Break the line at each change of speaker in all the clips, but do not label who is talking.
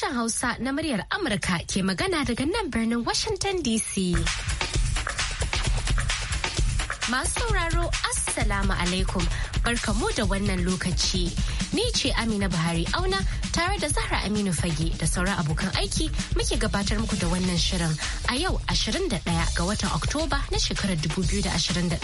sashen Hausa na muryar Amurka ke magana daga nan birnin Washington DC. Masu sauraro Assalamu alaikum barkamu da wannan lokaci. Ni ce Amina Buhari auna tare da Zahra Aminu Fage da sauran abokan aiki muke gabatar muku da wannan shirin a yau 21 ga watan Oktoba na shekarar 2021.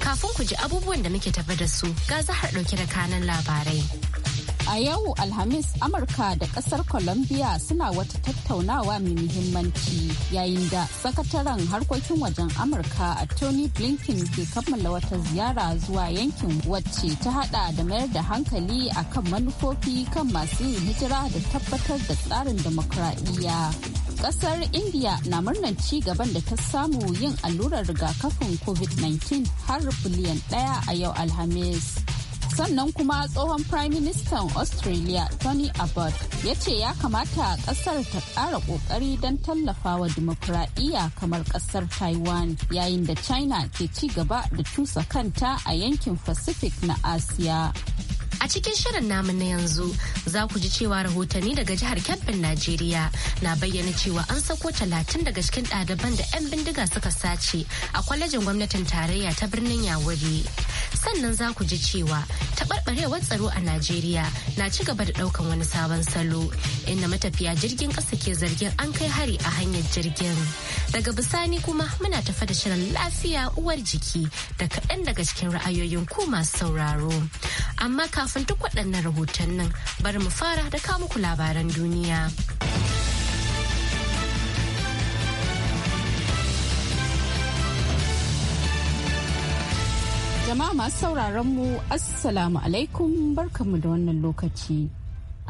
Kafin ku ji abubuwan da muke tafa da su ga Zahra ɗauke da kanan labarai.
A yau Alhamis Amurka da kasar Colombia suna wata tattaunawa mai muhimmanci yayin da sakataren harkokin wajen Amurka a Tony Blinken ke kammala wata ziyara zuwa yankin wacce ta hada da mayar da hankali akan manufofi kan masu hijira da tabbatar da tsarin demokuraɗiyya. kasar india na murnar ci gaban da ta samu yin allurar rigakafin covid-19 har biliyan ɗaya a yau alhamis sannan kuma tsohon prime minister australia tony abbott ya ce ya kamata kasar ta kara kokari don tallafawa dimokuraɗiyya kamar kasar taiwan yayin da china ke ci gaba da cusa kanta a yankin pacific na asiya A cikin shirin namun na
yanzu za ku ji cewa rahotanni daga jihar Kebbin Najeriya na bayyana cewa an sako talatin daga cikin ɗaliban da 'yan bindiga suka sace a kwalejin gwamnatin tarayya ta birnin Yawuri. Sannan za ku ji cewa taɓarɓarewar tsaro a Najeriya na ci gaba da ɗaukan wani sabon salo inda matafiya jirgin ƙasa ke zargin an kai hari a hanyar jirgin. Daga bisani kuma muna tafa da shirin lafiya uwar jiki da kaɗan daga cikin ra'ayoyin ku masu sauraro. amma kafin duk waɗannan rahoton nan bari mu fara da muku labaran duniya.
Jama'a masu sauraron mu Assalamu alaikum barkanmu da wannan lokaci.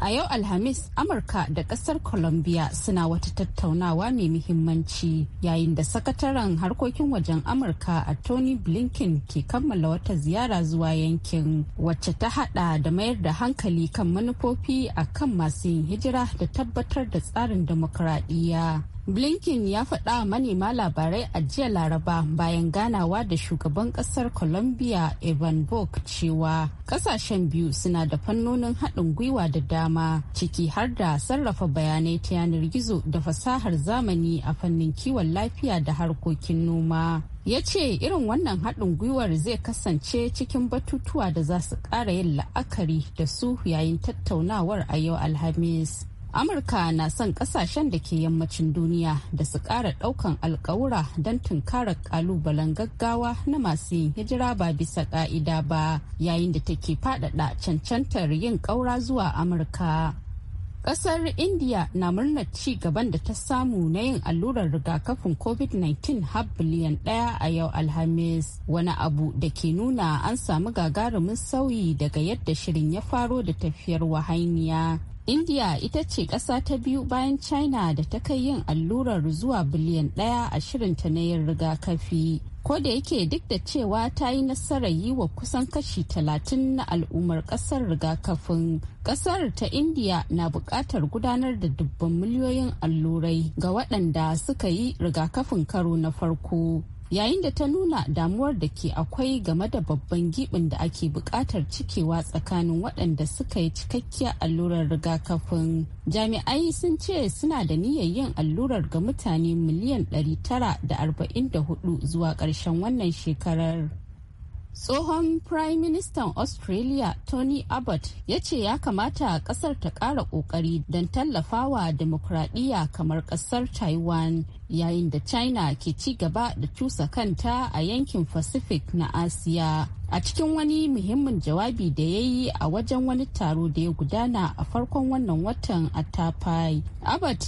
A yau Alhamis, Amurka da ƙasar Colombia suna wata tattaunawa mai muhimmanci yayin da sakataren harkokin wajen Amurka a Tony Blinken ke kammala wata ziyara zuwa yankin wacce ta hada da mayar da hankali kan manufofi a kan masu yin hijira da tabbatar da tsarin demokuraɗiyya. Blinken ya faɗa manema labarai a jiya Laraba bayan ganawa da shugaban ƙasar Colombia Evan Bok cewa ƙasashen biyu suna da fannonin haɗin gwiwa da dama ciki har da sarrafa bayanai ta yanar gizo da fasahar zamani a fannin kiwon lafiya da harkokin noma. ya ce irin wannan haɗin gwiwar zai kasance cikin batutuwa da za su ƙara yin la'akari da su yayin tattaunawar a yau alhamis amurka na son kasashen da ke yammacin duniya da su kara daukan alkawura don tunkara ƙalubalen gaggawa na masu yin hijira ba bisa ƙa'ida ba yayin da take fadada cancantar yin ƙaura zuwa amurka kasar India na murnar ci gaban da ta samu na yin allurar rigakafin COVID-19 har biliyan ɗaya a yau Alhamis. Wani abu da ke nuna an samu gagarumin sauyi daga yadda shirin ya faro da tafiyar wahainiya. India ita ce ƙasa ta biyu bayan China da ta kai yin allurar zuwa biliyan ɗaya a shirinta na yin rigakafi. Ko da yake duk da cewa ta yi nasarar yi wa kusan kashi talatin na al'ummar ƙasar rigakafin, ƙasar ta India na buƙatar gudanar da dubban miliyoyin allurai ga waɗanda suka yi rigakafin karo na farko. yayin da ta nuna damuwar da ke akwai game da babban gibin da ake bukatar cikewa tsakanin waɗanda suka yi cikakkiyar allurar rigakafin jami'ai sun ce suna da niyyar yin allurar ga mutane miliyan 944 zuwa ƙarshen wannan shekarar tsohon prime minister australia tony abbott ya ce ya kamata kasar ta kara kokari don tallafawa demokradiyya kamar kasar taiwan yayin da china ke ci gaba da cusa kanta a yankin pacific na asiya a cikin wani muhimmin jawabi da ya yi a wajen wani taro da ya gudana a farkon wannan watan a tapai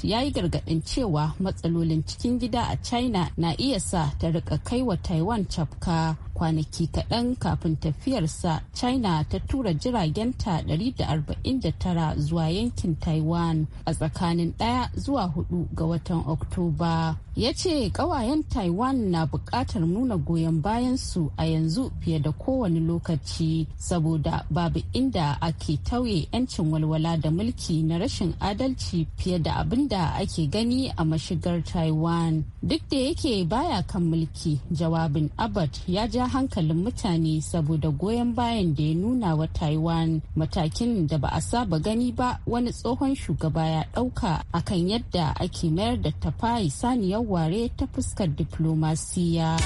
ya yi gargadin cewa matsalolin cikin gida a china na iya sa ta rika kai wa taiwan cafka kwanaki kaɗan kafin tafiyarsa china ta tura jiragenta 149 zuwa yankin taiwan a tsakanin ɗaya zuwa hudu ga watan oktoba ya ce ƙawayen Taiwan na buƙatar nuna goyon bayan su a yanzu fiye da kowane lokaci saboda babu inda ake tauye 'yancin walwala da mulki na rashin adalci fiye da abin da ake gani a mashigar Taiwan. Duk da yake baya kan mulki jawabin Abbott ya ja hankalin mutane saboda goyon bayan da ya nuna wa Taiwan matakin da ba a saba gani ba wani tsohon shugaba ya ɗauka akan yadda ake mayar da tafai sani saniyar ware ta fuskar diplomasiya.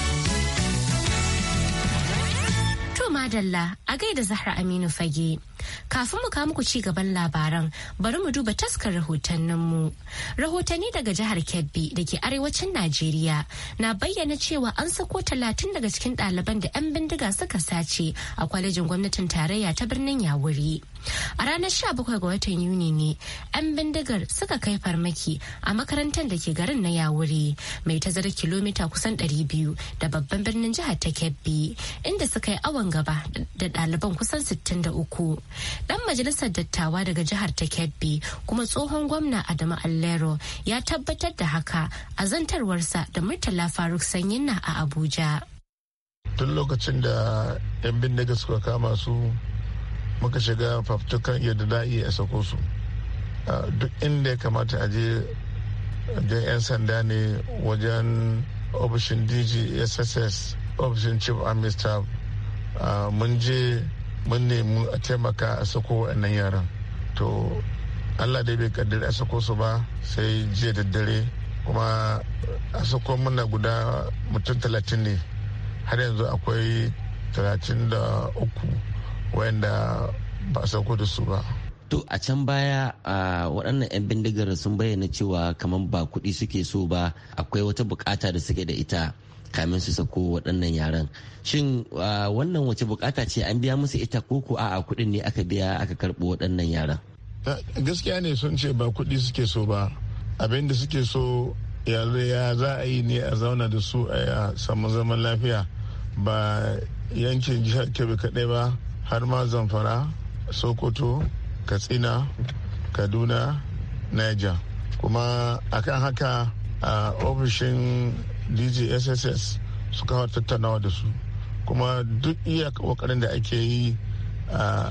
To madalla a gaida Zahra Aminu Fage. Kafin mu kawo muku ci gaban labaran, bari mu duba taskar rahotanninmu. Rahotanni daga jihar Kebbi da ke arewacin Najeriya na bayyana cewa an sako talatin daga cikin ɗaliban da 'yan bindiga suka sace a kwalejin gwamnatin tarayya ta birnin Yawuri. A ranar 17 ga watan Yuni ne 'yan bindigar suka kai farmaki a makarantar da ke garin na Yawuri mai tazarar kilomita kusan 200 da babban birnin jihar ta Kebbi inda suka yi awon gaba da ɗaliban kusan 63. dan majalisar dattawa daga jihar ta kebbi kuma tsohon gwamna adamu allero ya tabbatar da haka a zantarwarsa da murtala faruk sanyinna a abuja
tun lokacin da 'yan bindiga suka kama su muka shiga fafutukan yadda da iya sako su duk inda ya kamata a je 'yan sanda ne wajen ofishin dg sss ofishin chief army staff mun je mun nemi a taimaka a sako wa'annan yaran to allah da bai kaddari a sako su ba sai jiya da dare kuma a sako muna guda mutum talatin ne har yanzu akwai talatin da uku wayanda ba a sako da su ba To a can baya a waɗannan 'yan bindigar sun bayyana cewa kamar ba kuɗi suke so ba akwai wata bukata da suke da ita kamin su sako waɗannan yaran shin wannan wace bukata ce an biya musu ita ko koko a'a kuɗin ne aka biya aka karɓo waɗannan yaran gaskiya ne sun ce ba kuɗi suke so ba abin da suke so ya za a yi ne a zauna da su a samu zaman lafiya ba yankin jihar kebe kaɗai ba har ma zamfara sokoto katsina kaduna niger kuma akan haka a ofishin dj sss suka hau tattaunawa da su kuma duk iya kokarin da ake yi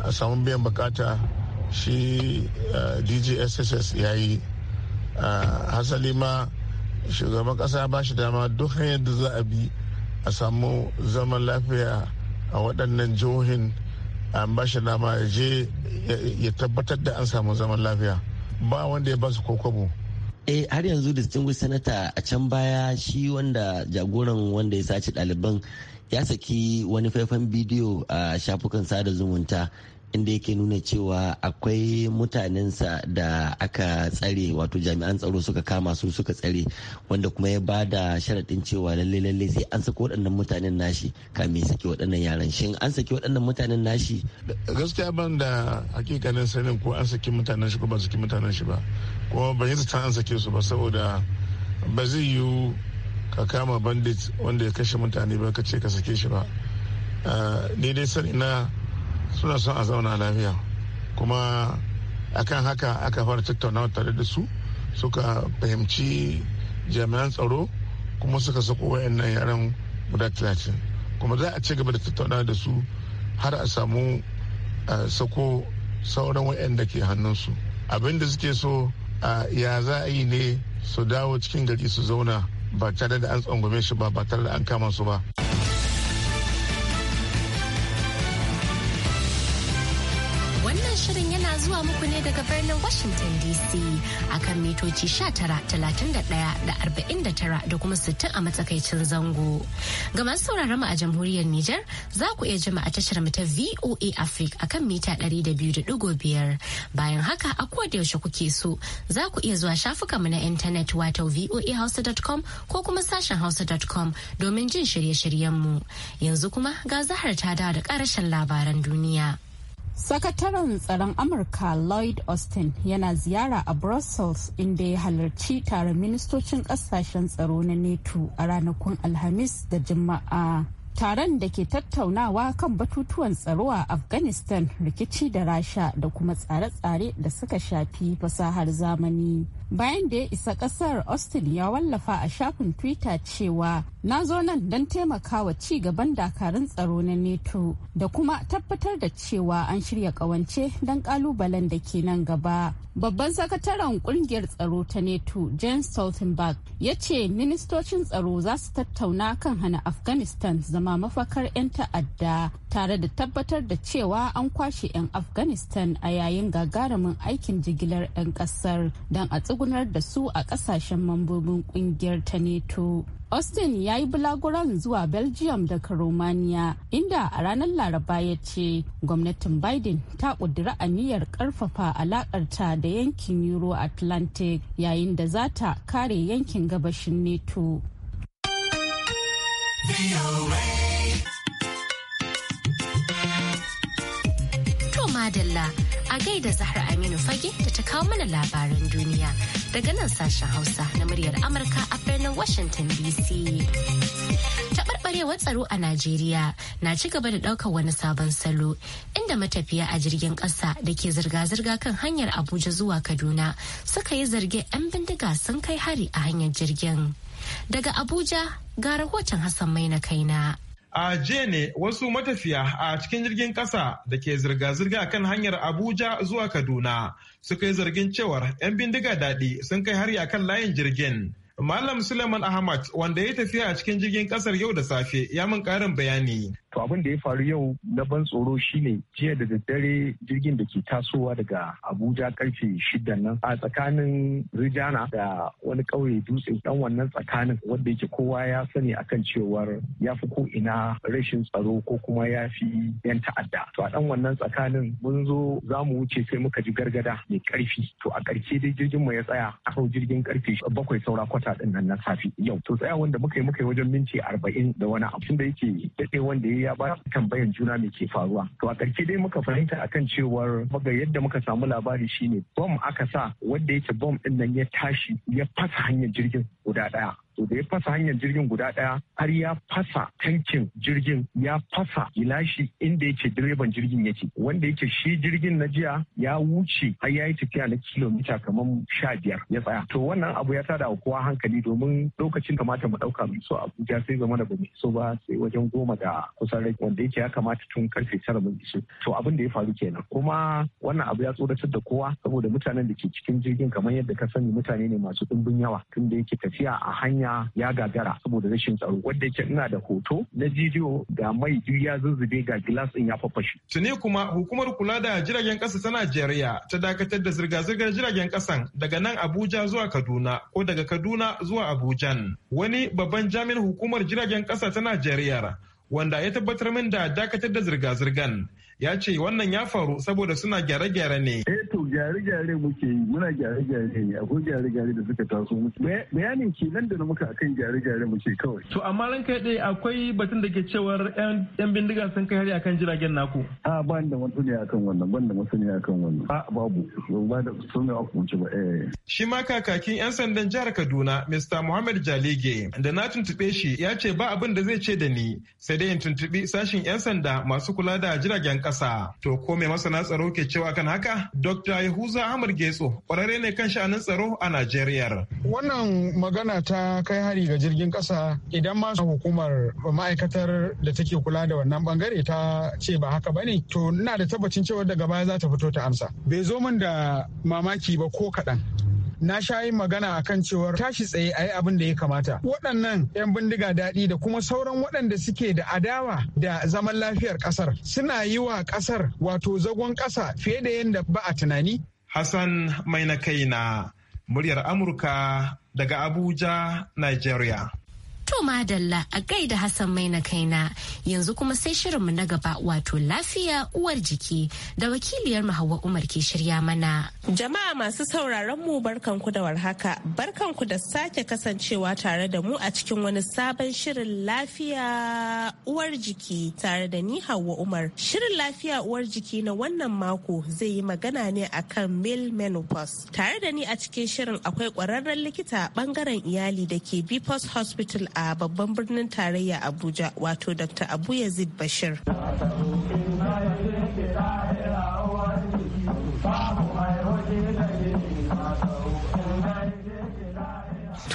a samun biyan bukata shi dj sss ya yi hasali ma shugaban kasa ba shi dama duk hanyar da za a bi a samu zaman lafiya a waɗannan jihohin an ba shi dama ya je ya tabbatar da an samu zaman lafiya ba wanda ya ba su kokobo eh har yanzu distinguished senator a can baya shi wanda jagoran wanda ya sace ɗaliban ya saki wani faifan bidiyo a shafukan sada zumunta inda yake nuna cewa akwai mutanensa da aka tsare wato jami'an tsaro suka kama su suka tsare wanda kuma ya ba da sharaɗin cewa lalle lalle sai an saki waɗannan mutanen nashi kamin saki waɗannan yaran shin an saki waɗannan mutanen nashi gaskiya ban da hakikanin sanin ko an saki mutanen shi ko ba saki mutanen shi ba ko ban yi an sake su ba saboda ba zai yiwu ka kama bandit wanda ya kashe mutane ba ka ce ka sake shi ba ah, ni dai sani na. suna son a zauna lafiya kuma akan haka aka fara tattaunawa tare da su suka fahimci jami'an tsaro kuma suka sako wayannan yaran guda talatin kuma za a ci gaba da tattaunawa da su har a samu sako sauran wayanda ke hannunsu abin da suke so ya za a yi ne su dawo cikin gari su zauna ba tare da an tsangwame shi ba ba tare da an kama su ba.
zuwa muku ne daga birnin Washington DC akan mitoci 19,31,49 da da kuma 60 a matsakaicin zango. Ga masu sauraron mu a jamhuriyar Nijar za ku iya jima a tashar mu ta VOA Africa akan mita 200.5 bayan haka a da yaushe kuke so za ku iya zuwa shafuka mu na intanet wato voahouse.com ko kuma sashen hausa.com domin jin shirye-shiryen mu. Yanzu kuma ga zahar ta dawo da karashen labaran duniya.
Sakataren tsaron Amurka Lloyd Austin yana ziyara a Brussels inda ya halarci taron ministocin kasashen tsaro na NATO a ranakun Alhamis da Juma'a. Taron da ke tattaunawa kan batutuwan tsaro a Afghanistan rikici da Rasha da kuma tsare-tsare da suka shafi fasahar zamani. bayan da ya isa kasar austin ya wallafa a shafin twitter cewa na zo nan don taimakawa ci gaban dakarun tsaro na neto da kuma tabbatar da cewa an shirya kawance don kalubalen da ke nan gaba babban sakataren kungiyar tsaro ta neto james stoltenberg ya ce ministocin tsaro za su tattauna kan hana afghanistan zama mafakar 'yan ta'adda tare da tabbatar da cewa an kwashe 'yan afghanistan a yayin gagarumin aikin jigilar 'yan kasar don a tsugunar da su a kasashen mambobin kungiyar ta neto austin ya yi bulaguran zuwa belgium daga romania inda a ranar laraba ya ce gwamnatin biden ta ƙudiri aniyar ƙarfafa alaƙarta da yankin euro atlantic yayin da za ta kare yankin gabashin neto
madalla a gaida Zahra Aminu Fage da ta kawo mana labaran duniya daga nan sashen Hausa na muryar Amurka a birnin Washington DC. Taɓarɓarewar tsaro a Najeriya na ci gaba da ɗaukar wani sabon salo inda matafiya a jirgin ƙasa da ke zirga-zirga kan hanyar Abuja zuwa Kaduna suka yi zarge 'yan bindiga sun kai hari a hanyar jirgin. Daga Abuja ga rahoton Hassan Mai na kaina.
a jiya ne wasu matafiya a cikin jirgin kasa da ke zirga-zirga kan hanyar abuja zuwa kaduna suka yi zargin cewar 'yan bindiga daɗi sun kai hari kan layin jirgin malam suleiman ahmad wanda ya tafiya a cikin jirgin kasar yau da safe ya min karin bayani To abin da ya faru yau na ban tsoro shine jiya da daddare jirgin da ke tasowa daga
Abuja karfe shida nan a tsakanin Rijana da wani ƙauye dutse dan wannan tsakanin wanda yake kowa ya sani akan cewar ya fi ko ina rashin tsaro ko kuma ya fi yan ta'adda. To a dan wannan tsakanin mun zo za mu wuce sai muka ji gargada mai karfi. To a ƙarshe dai jirgin mu ya tsaya a hau jirgin karfe bakwai saura kwata din nan na safi yau. To tsayawan wanda muka yi muka yi wajen minti arba'in da wani abu da yake daɗe wanda ya ya ba tambayan juna me ke faruwa to a ƙarshe dai muka fahimta akan cewar maga yadda muka samu labari shine bom aka sa wanda yake bom din nan ya tashi ya fasa hanyar jirgin guda ɗaya to da ya fasa hanyar jirgin guda ɗaya har ya fasa tankin jirgin ya fasa gilashi inda yake direban jirgin yake wanda yake shi jirgin na jiya ya wuce har ya yi tafiya na kilomita kamar sha biyar ya tsaya to wannan abu ya tada wa kowa hankali domin lokacin kamata mu ɗauka mu so abuja sai zama da bamu so ba sai wajen goma da kusan rai wanda yake ya kamata tun karfe tara mun iso to abin da ya faru kenan kuma wannan abu ya tsoratar da kowa saboda mutanen da ke cikin jirgin kamar yadda ka sani mutane ne masu ɗumbin yawa tun da yake tafiya a hanya hanya ya gagara saboda rashin tsaro wanda yake ina da hoto na bidiyo ga mai duk ya zuzube ga gilas din ya fafashi.
Tuni kuma hukumar kula da jiragen kasa ta Najeriya ta dakatar da zirga-zirgar jiragen kasan daga nan Abuja zuwa Kaduna ko daga Kaduna zuwa Abujan. Wani babban jami'in hukumar jiragen kasa ta Najeriya wanda ya tabbatar min da dakatar da zirga-zirgan ya ce wannan ya faru saboda suna gyare-gyare ne. Eh,
gyare-gyare muke yi muna gyare-gyare ne akwai gyare-gyare da suka taso musu bayanin kenan da na muka akan gyare-gyare muke kawai
to amma ran kai dai akwai batun da ke cewar yan bindiga sun kai hari akan jiragen naku a ba da ne akan wannan ban da ne akan wannan a babu ba da ne aka wuce ba eh shi ma kakakin yan sandan jihar Kaduna Mr Muhammad Jalige da na tuntube shi ya ce ba abin da zai ce da ni sai dai in tuntubi sashin yan sanda masu kula da jiragen kasa to ko mai masana tsaro ke cewa kan haka Dr. Yahuza Ahmad Getso kwararre ne kan sha'anin tsaro a Najeriya. Wannan magana ta kai hari ga jirgin ƙasa idan ma hukumar ma'aikatar da take kula da wannan bangare ta ce ba haka bane to ina da tabbacin cewa daga baya za ta fito ta amsa. Bai zo min da mamaki ba ko kaɗan. na sha yin magana a kan cewar tashi tsaye a yi abin da ya kamata waɗannan 'yan bindiga daɗi da kuma sauran waɗanda suke da adawa da zaman lafiyar ƙasar suna yi wa ƙasar wato zagon ƙasa fiye da yadda ba a tunani hassan mai na kai na muryar amurka daga abuja nigeria
To madalla a gaida Hassan mai na kaina yanzu kuma sai shirinmu na gaba wato lafiya uwar jiki da wakiliyar Hauwa Umar ke shirya mana.
Jama'a masu sauraron mu barkanku da warhaka barkanku da sake kasancewa tare da mu a cikin wani sabon shirin lafiya uwar jiki tare da ni Hauwa Umar. Shirin lafiya uwar jiki na wannan mako zai yi magana ne akan male menopause. Tare da ni a cikin shirin akwai kwararren likita bangaren iyali da ke Bipos Hospital a babban birnin tarayya Abuja wato Dr. Abu Yazid Bashir.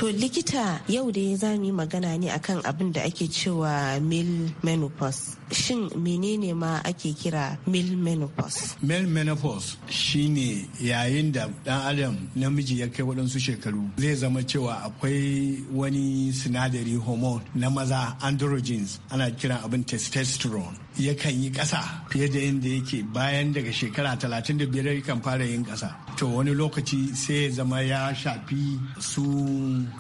To likita
yau da ya zami magana ne akan abin da ake cewa mil menopause. Shin menene ma ake kira mil menopause?
Mil menopause shine yayin da dan adam namiji ya kai waɗansu shekaru zai zama cewa akwai wani sinadari hormone na maza androgens ana kira abin testosterone yakan yi ƙasa fiye da yadda yake bayan daga shekara 35 yakan fara yin ƙasa to wani lokaci sai zama ya shafi su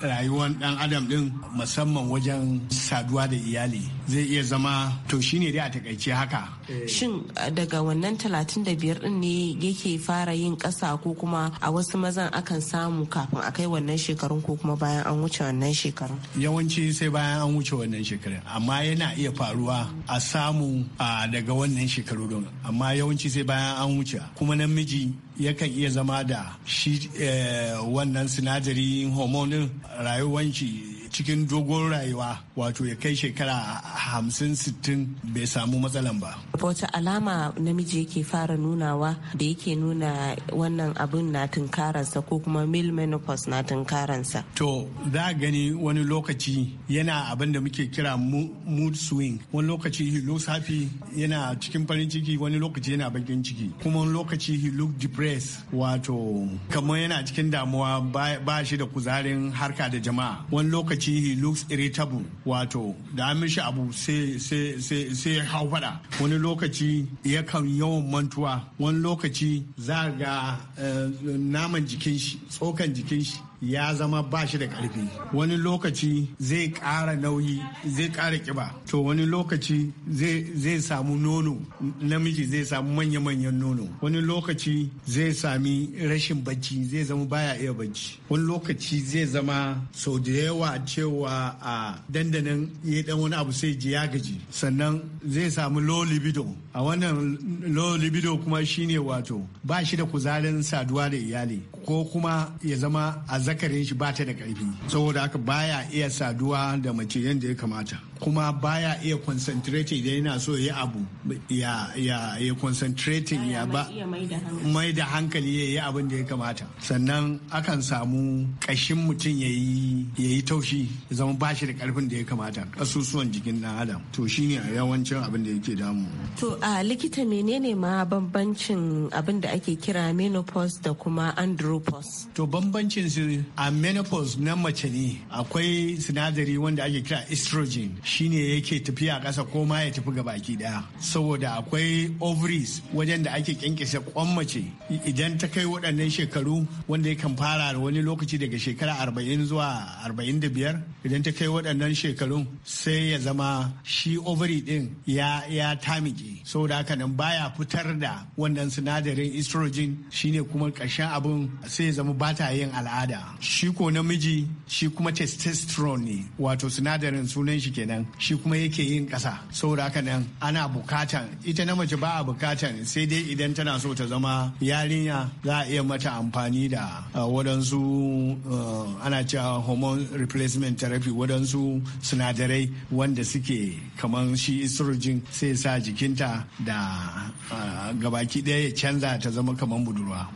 rayuwar dan adam din musamman wajen saduwa da iyali zai iya zama to shine dai a takaice haka eh.
shin daga wannan 35 din ne yake fara yin kasa ko kuma a wasu mazan akan samu kafin a kai wannan shekarun ko kuma bayan an wuce wannan
shekarun yawanci sai bayan an wuce wannan shekarun amma yana iya faruwa a samu daga wannan shekaru don amma yawanci sai bayan an wuce kuma namiji yakan iya zama da shi eh, wannan sinadari hormonin rayuwanci cikin dogon rayuwa wato ya kai shekara hamsin sittin bai samu matsalan ba.
Wata alama namiji yake fara nunawa da yake nuna wannan abin na tunkaransa ko kuma mil menopause na tunkaransa.
To za a gani wani lokaci yana abin da muke kira mood swing wani lokaci he looks happy yana cikin farin ciki wani lokaci yana bakin ciki kuma wani lokaci he look depressed wato kamar yana cikin damuwa ba shi da kuzarin harka da jama'a wani lokaci he looks irritable wato da an mishi abu sai ya hau fada wani lokaci yakan yawan mantuwa wani lokaci za ga eh, naman jikin shi tsokan jikin shi ya zama ba shi da karfi wani lokaci zai ƙara nauyi zai ƙara kiba to wani lokaci zai samu nono namiji zai samu manya-manyan nono wani lokaci zai sami rashin bacci zai zama baya iya bacci wani lokaci zai zama sau da yawa cewa a dandanan ya dan wani abu sai ji ya gaji sannan zai samu low libido a wannan low libido kuma shine wato ba shi da kuzarin saduwa da iyali ko kuma ya zama a zakarin shi ba ta da ƙarfi saboda haka baya iya saduwa da mace yadda ya kamata kuma baya iya concentrate idan yana so ya abu ya ya ya ya ba mai da hankali ya yi abin da ya kamata sannan akan samu kashin mutum ya yi ya yi taushi ya zama bashi da karfin da ya kamata kasusuwan jikin dan adam to shine a yawancin abin da yake damu
to a likita menene ma bambancin abin da ake kira menopause da
kuma andropause to bambancin su a menopause na mace ne akwai sinadari wanda ake kira estrogen shine yake tafiya ƙasa ko ma ya tafi ga baki daya saboda akwai ovaries wajen da ake kyankyashe kwan mace idan ta kai waɗannan shekaru wanda ya kan fara wani lokaci daga shekara arba'in zuwa arba'in da biyar idan ta kai waɗannan shekaru sai ya zama shi ovary din ya ya tamike saboda haka nan baya fitar da wannan sinadarin estrogen shine kuma ƙarshen abun sai ya zama bata yin al'ada shi ko namiji shi kuma testosterone ne wato sinadarin sunan shi kenan nan shi kuma yake yin ƙasa saboda haka nan ana bukatan ita na mace ba a bukatan sai dai idan tana so ta zama yarinya za a iya mata amfani da uh, waɗansu uh, ana cewa hormone replacement therapy waɗansu sinadarai wanda suke kamar shi estrogen sai sa jikinta da uh, gabaki ɗaya ya canza ta zama kamar budurwa.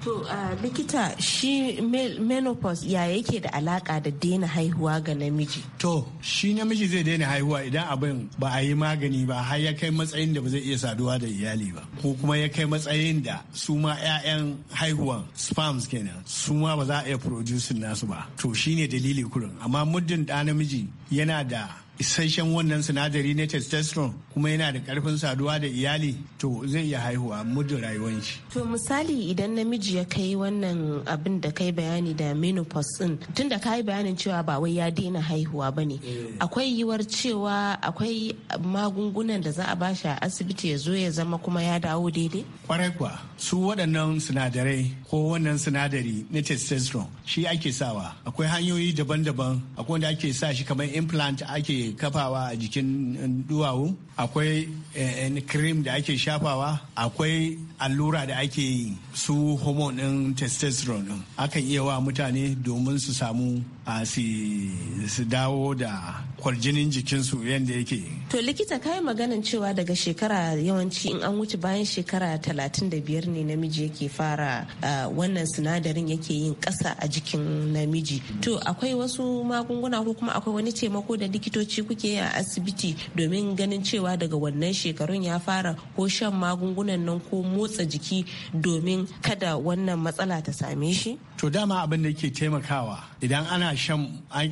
likita shi menopause ya yake da alaka da daina haihuwa ga namiji?
To shi namiji zai daina haihuwa abubuwa idan abin ba a yi magani ba har ya kai matsayin da ba zai iya saduwa da iyali ba ko kuma ya kai matsayin da su ma 'ya'yan haihuwan spams kenan su ma ba za a iya producing nasu ba to shine dalili kurin amma muddin da namiji yana da isasshen wannan sinadari na testosterone kuma yana da karfin saduwa da iyali to zai iya haihuwa muddin rayuwar shi.
To misali idan namiji ya kai wannan abin da kai bayani da menopause din tun da kai bayanin cewa ba wai ya daina haihuwa
ba ne. Eh.
Akwai yiwuwar cewa akwai magungunan da za a bashi a asibiti ya zo ya zama kuma ya dawo daidai?
Kwarai kuwa su waɗannan sinadarai ko wannan sinadari na testosterone shi ake sawa akwai hanyoyi daban-daban akwai wanda ake sa shi kamar implant ake kafawa a jikin eh, duwawu akwai eh, eh, cream da ake shafawa akwai allura da ake yi su hormone din testosterone akan iya wa mutane domin su samu A su dawo da kwarjinin jikinsu yadda yake.
To likita kayi maganin cewa daga shekara yawanci in an wuce bayan shekara talatin da biyar ne namiji yake fara wannan sinadarin yake yin ƙasa a jikin namiji. To akwai wasu magunguna ko kuma akwai wani taimako da likitoci kuke yi a asibiti domin ganin cewa daga wannan shekarun ya fara ko shan magungunan nan ko motsa jiki domin kada wannan matsala ta
same shi? To dama abin da ke taimakawa idan ana shan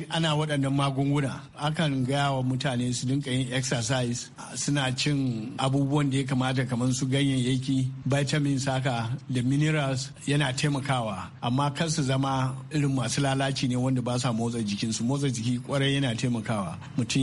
ana waɗannan magunguna akan gaya wa mutane su dinka yin exercise suna cin abubuwan da ya kamata kamar su ganyayyaki vitamins saka da minerals yana taimakawa amma kar su zama irin masu lalaci ne wanda ba sa motsa jikinsu motsa jiki kwarai yana taimakawa mutum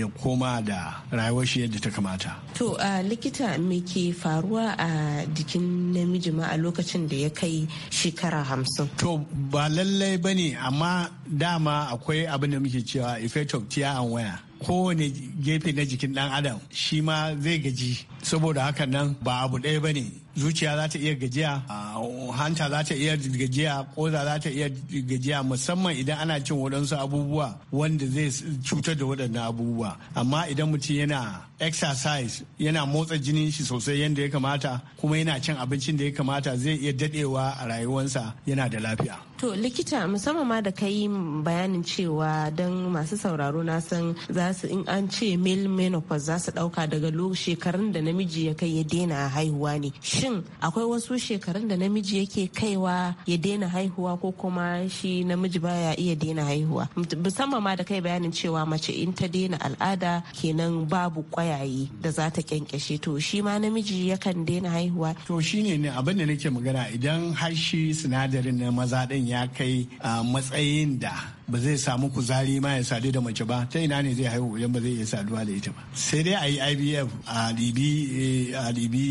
ya koma da rayuwar shi yadda ta kamata
to likita me ke faruwa a jikin namiji ma a lokacin da ya kai shekara
hamsin to ba lallai bane amma dama akwai abin da muke cewa effect of tear and wear kowane gefe na jikin dan adam shi ma zai gaji saboda haka nan ba abu ɗaya ba ne zuciya za ta iya gajiya ah, hanta za ta iya gajiya koda za ta iya gajiya musamman idan ana cin waɗansu abubuwa wanda zai cutar da waɗannan abubuwa amma idan mutum yana exercise yana motsa jinin shi sosai yadda ya kamata kuma yana cin abincin da ya kamata zai iya dadewa a rayuwarsa yana da lafiya
To likita musamman ma da kai bayanin cewa don masu sauraro na san za su in an ce male menopause za su dauka daga shekarun da namiji ya kai ya daina haihuwa ne. Shin akwai wasu shekarun da namiji yake kaiwa ya daina haihuwa ko kuma shi namiji baya iya daina haihuwa musamman ma da kai bayanin cewa mace in ta daina al'ada kenan babu kwayaye da za ta kyankyashe to shi
ma namiji yakan daina haihuwa to shine ne abin da nake magana idan har shi sinadarin na maza din ya kai ah, matsayin da ba zai samu kuzari ma ya sadu da mace ba ta ina ne zai haihu idan ba zai iya saduwa da ita ba sai dai a yi IVF a ɗibi a ɗibi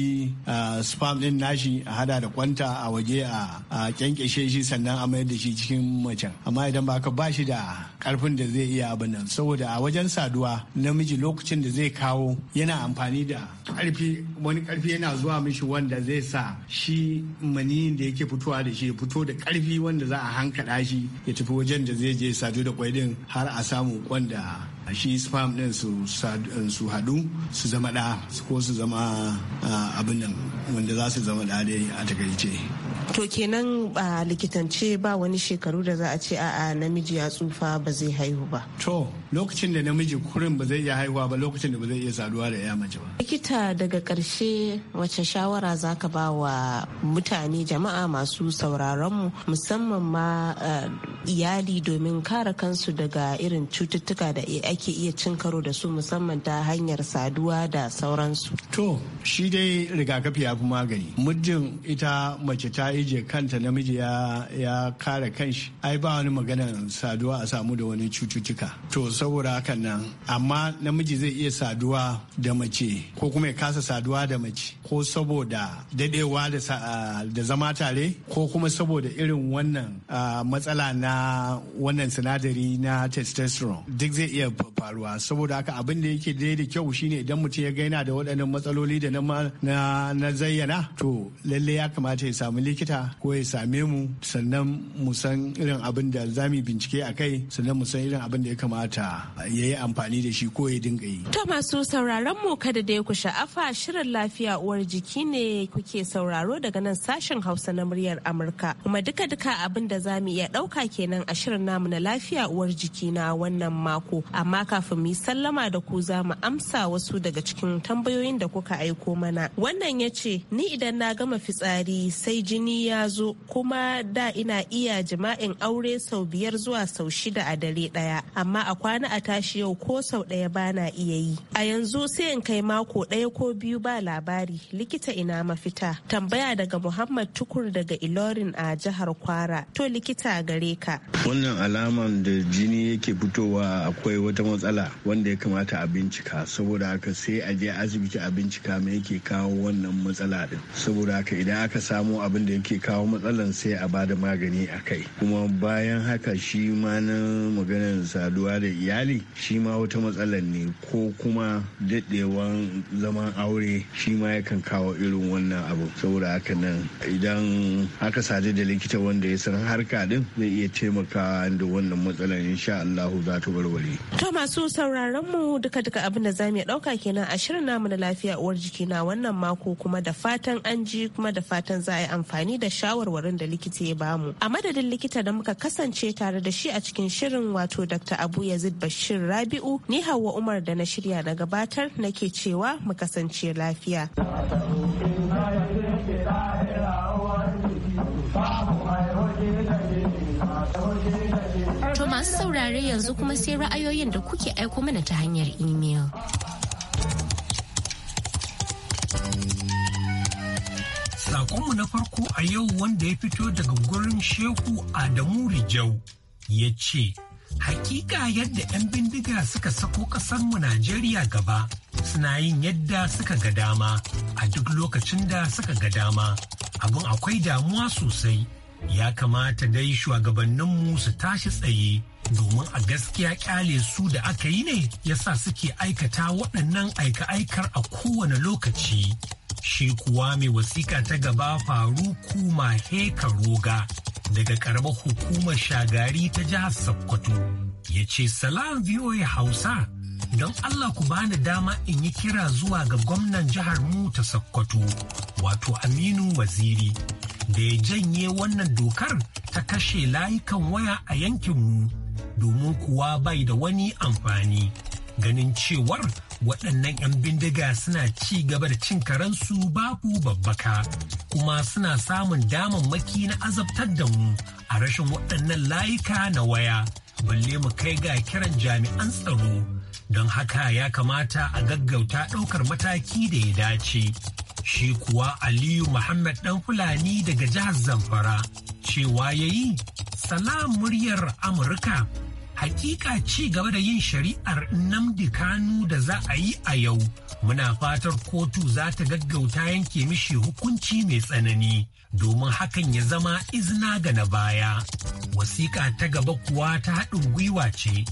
sperm din nashi a hada da kwanta a waje a kyankyashe shi sannan a mayar da shi cikin macen amma idan ba ka ba shi da karfin da zai iya abin nan saboda a wajen saduwa namiji lokacin da zai kawo yana amfani da karfi wani karfi yana zuwa mishi wanda zai sa shi maniyin da yake fitowa da shi ya fito da karfi wanda za a hankala shi ya tafi wajen da zai je zai sadu da kwai din har a samu kwan da shi sperm din su hadu su zama da ko su zama ah, abin nan wanda za su zama da dai a takaice
to kenan a likitance ba wani shekaru da za a ce a'a namiji ya tsufa ba zai haihu ba
to lokacin da namiji kurin ba zai iya haihuwa ba lokacin da ba zai iya saduwa da ya mace ba
likita daga karshe wace shawara za ka ba wa mutane jama'a masu sauraronmu musamman ma iyali domin kare kansu daga irin cututtuka da ake iya cin karo da su musamman ta hanyar saduwa da sauransu
to shi dai rigakafi ya fi magani muddin ita mace ta yi namiji kanta namiji ya ya kare kanshi ai ba wani maganar saduwa a samu da wani cututtuka to saboda hakan nan amma namiji zai iya saduwa da mace ko kuma ya kasa saduwa da mace ko saboda dadewa da da zama tare ko kuma saboda irin wannan matsala na wannan sinadari na testosterone duk zai iya faruwa saboda haka abin da yake da kyau shine idan mutum ya gaina da waɗannan matsaloli da na zayyana to lalle ya kamata ya samu likita ko ya same mu sannan mu san irin abin da za mu bincike a kai sannan mu san irin abin da ya kamata ya yi amfani da shi ko ya dinga yi.
To masu sauraron mu kada da ya ku sha'afa shirin lafiya uwar jiki ne kuke sauraro daga nan sashen Hausa na muryar Amurka kuma duka-duka abin da za mu iya ɗauka kenan a shirin namu na lafiya uwar jiki na wannan mako amma kafin mu yi sallama da ku za mu amsa wasu daga cikin tambayoyin da kuka aiko mana wannan ya ce ni idan na gama fitsari sai jini ya zo kuma da ina iya jima'in aure sau biyar zuwa sau shida a dare daya amma a kwana a tashi yau ko sau ɗaya bana iya yi a yanzu sai in kai mako daya ko biyu ba labari likita ina mafita tambaya daga muhammad tukur daga ilorin a jihar kwara to likita gare ka
wannan alaman da jini yake fitowa akwai wata matsala wanda ya kamata a bincika saboda haka sai a je asibiti a bincika me yake kawo wannan matsala din saboda haka idan aka samo abin da yake ke kawo matsalan sai a bada magani a kai kuma bayan haka shi ma na maganar saduwa da iyali shi ma wata matsalan ne ko kuma daɗewan zaman aure shi ma yakan kawo irin wannan abu saboda haka nan idan aka sadu da likita wanda ya san harka din zai iya taimaka da wannan matsalan insha Allah za ta warware.
To masu sauraron mu duka duka abin da zamu ɗauka kenan a shirin namu na lafiya uwar jiki na wannan mako kuma da fatan an ji kuma da fatan za a yi amfani da shawarwarin da likita ya bamu. A madadin likita da muka kasance tare da shi a cikin shirin wato Dr. Abu Yazid Bashir Rabi'u ni Hauwa Umar da na shirya na gabatar nake cewa mu kasance lafiya.
To masu saurare yanzu kuma sai ra'ayoyin da kuke aiko mana ta hanyar imel.
Sakonmu na farko a yau wanda ya fito daga gurin Shehu Adamu Rijau ya ce, Hakika yadda 'yan bindiga suka sako ƙasarmu Najeriya gaba suna yin yadda suka ga dama a duk lokacin da suka ga dama. Abin akwai damuwa sosai. Ya kamata dai shugabanninmu su tashi tsaye domin a gaskiya kyale su da aka yi ne ya sa suke aikata waɗannan aika-aikar a kowane lokaci. Shi kuwa mai wasiƙa ta gaba faruku mahe roga daga ƙaramar hukumar shagari ta jihar Sokoto ya ce salam VOA Hausa don Allah ku bani dama in yi kira zuwa ga gwamnan jihar mu ta Sokoto wato Aminu Waziri da ya janye wannan dokar ta kashe layukan waya a yankinmu domin kuwa bai da wani amfani. ganin cewar waɗannan 'yan bindiga suna ci gaba da cin karensu babu babbaka kuma suna samun damammaki na azabtar da mu a rashin waɗannan layuka na waya balle mu kai ga kiran jami'an tsaro don haka ya kamata a gaggauta ɗaukar mataki da ya dace shi kuwa aliyu muhammad ɗan fulani daga jihar zamfara cewa ya yi salam muryar amurka hakika ci gaba da yin shari'ar Namdi Kanu da za a yi a yau. Muna fatar kotu za ta gaggauta yanke mishi hukunci mai tsanani domin hakan ya zama izina ga na baya. Wasiƙa ta gaba kuwa ta haɗin gwiwa ce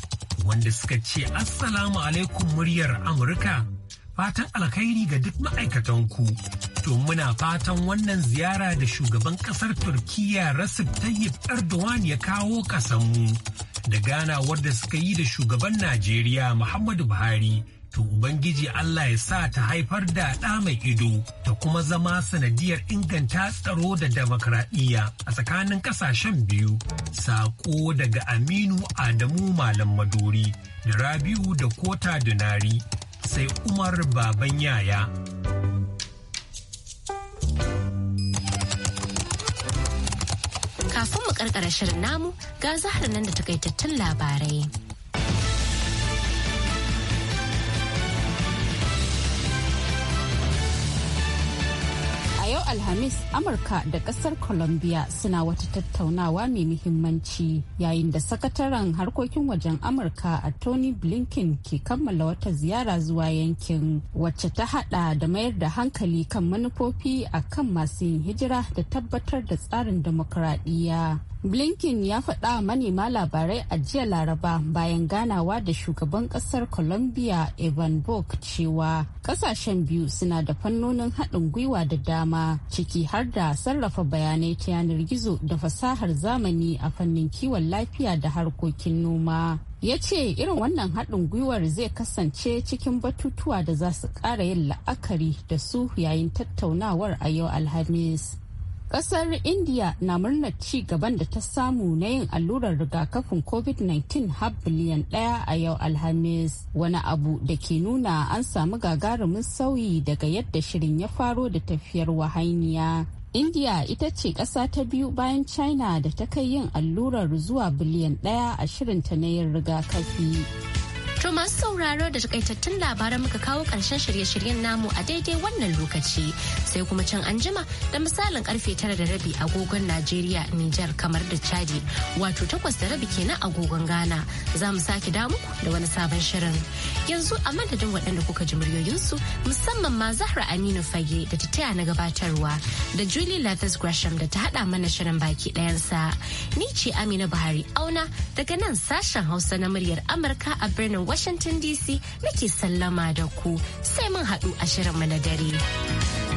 wanda suka ce Assalamu alaikum muryar Amurka. Fatan alkhairi ga duk ma'aikatanku. To muna fatan wannan ziyara da shugaban ƙasar Turkiyya Rasif Tayyip Erdogan ya kawo kasanmu. da Ghana wadda suka yi da shugaban Najeriya Muhammadu Buhari to Ubangiji Allah ya sa ta haifar da ɗa mai ido ta kuma zama sanadiyar inganta tsaro da demokradiyya a tsakanin ƙasashen biyu. Saƙo daga Aminu Adamu Malam Maduri da Rabiu da Kota Dunari sai Umar Baban Yaya.
kafin mu karkara shirin namu ga zahar nan da takaitattun labarai.
Alhamis Amurka da kasar Colombia suna wata tattaunawa mai muhimmanci yayin da sakataren harkokin wajen Amurka a Tony Blinken ke kammala wata ziyara zuwa yankin wacce ta hada da mayar da hankali kan manufofi a kan masu yin hijira da tabbatar da tsarin demokuraɗiyya. Blinken ya faɗa manema labarai a jiya Laraba bayan ganawa da shugaban ƙasar Colombia Evan Bok cewa ƙasashen biyu suna da fannonin haɗin gwiwa da dama ciki har da sarrafa bayanai ta yanar gizo da fasahar zamani a fannin kiwon lafiya da harkokin noma. ya ce irin wannan haɗin gwiwar zai kasance cikin batutuwa da za su ƙara yin la'akari da su yayin tattaunawar a yau alhamis Kasar India na murnar ci gaban da ta samu na yin allurar rigakafin COVID-19 har biliyan ɗaya a yau Alhamis. Wani abu da ke nuna an samu gagarumin sauyi daga yadda shirin ya faro da tafiyar wahainiya. India ita ce ƙasa ta biyu bayan China da ta kai yin allurar zuwa biliyan ɗaya a shirinta na yin rigakafi.
To masu sauraro da takaitattun labaran muka kawo ƙarshen shirye-shiryen namu a daidai wannan lokaci sai kuma can anjima da misalin karfe tara da rabi agogon Najeriya Nijar kamar da Chadi wato takwas da rabi kenan agogon Ghana za mu sake damu da wani sabon shirin. Yanzu a madadin waɗanda kuka ji muryoyinsu musamman ma Zahra Aminu Fage da ta taya na gabatarwa da Julie Lathis Gresham da ta haɗa mana shirin baki ɗayansa. Ni ce Amina Buhari Auna daga nan sashen Hausa na muryar Amurka a birnin Washington DC nake sallama da ku sai mun haɗu a shirinmu na
dare.